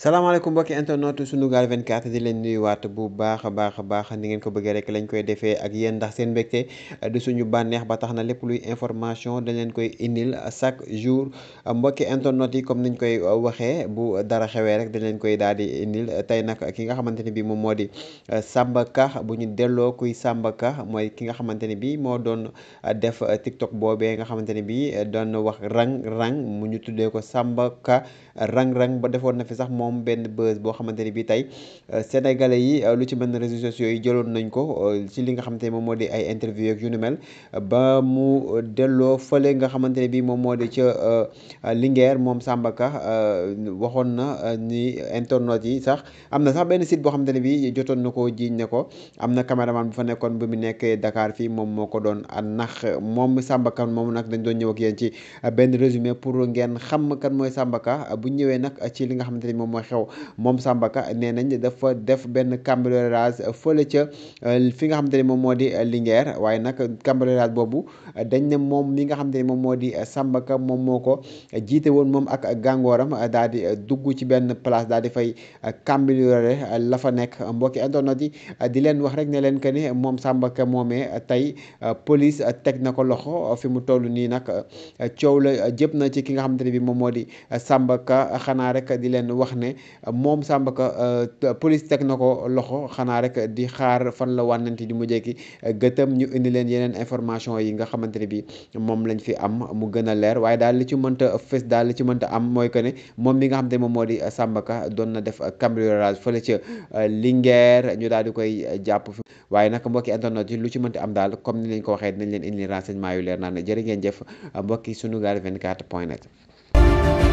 salaamaaleykum mbokki suñu Sunugal 24 di leen nuyuwaat bu baax a baax a ni ngeen ko bëggee rek lañ koy defee ak yéen ndax seen mbégte du suñu bànneex ba tax na lépp luy information dañ leen koy indil chaque jour mbokki internet yi comme niñ koy waxee bu dara xewee rek dañ leen koy daal di indil tey nag ki nga xamante ne bii moom moo di Samba bu ñu delloo kuy Samba mooy ki nga xamante ne bii moo doon def TikTok boobee nga xamante ne bii doon wax rang rang mu ñu tuddee ko sambaka Ka rang rang ba defoon na fi sax moom. moom benn buzz boo xamante bi tey euh, sénégalais yi euh, lu ci mel ne sociaux yi jëloon nañ ko euh, ci li nga xamante ni moom moo di ay interview ak nga xamante ne bi moom moo di ca Linguère moom Samba Ka waxoon na ni internautes yi sax am na sax benn site boo xamante ne bi jotoon na ko jiiñ ne ko am na caméraman bu fa nekkoon bu mu nekkee dakaar fii moom moo ko doon a nax moom Samba Ka moom nag dañ doon ñëw ak ci benn résumé pour ngeen xam kan mooy Samba Ka bu ñëwee nag ci li nga xamante ni moom ma xew moom Samba Ka nee nañ dafa def benn cambriolage fële ca euh, fi nga xamante ne moom moo di Linguère waaye nag cambriolage boobu dañ ne moom mi nga xamante ne moom moo di Samba moom moo ko jiite woon moom ak gàngooram daal di dugg ci benn place daal di fay cambriolé la fa nekk mbokki internet yi di leen wax rek ne leen que ni moom Samba Ka moomee tey euh, police teg na ko loxo fi mu toll nii nag euh, coow la ki nga xamante Ka xanaa rek di leen wax ne moom Samba Ka euh, police teg na ko loxo xanaa rek di xaar fan la wànnante di mu jekki gëtëm ñu indi leen yeneen information yi nga xamante ne bi moom lañ fi am mu gën a leer waaye daal li ci mënta fës daal li ci mënta am mooy que ne moom mi nga xam ne moom moo di Samba doon na def cambriolage fële ca euh, Linguère ñu daal di koy jàpp fi waaye nag mbokki internet lu ci mënta am daal comme ni lañ ko waxee dinañ leen indi renseignement yu leer naan jërë ngeen jëf mbokki Sunugal 24 point net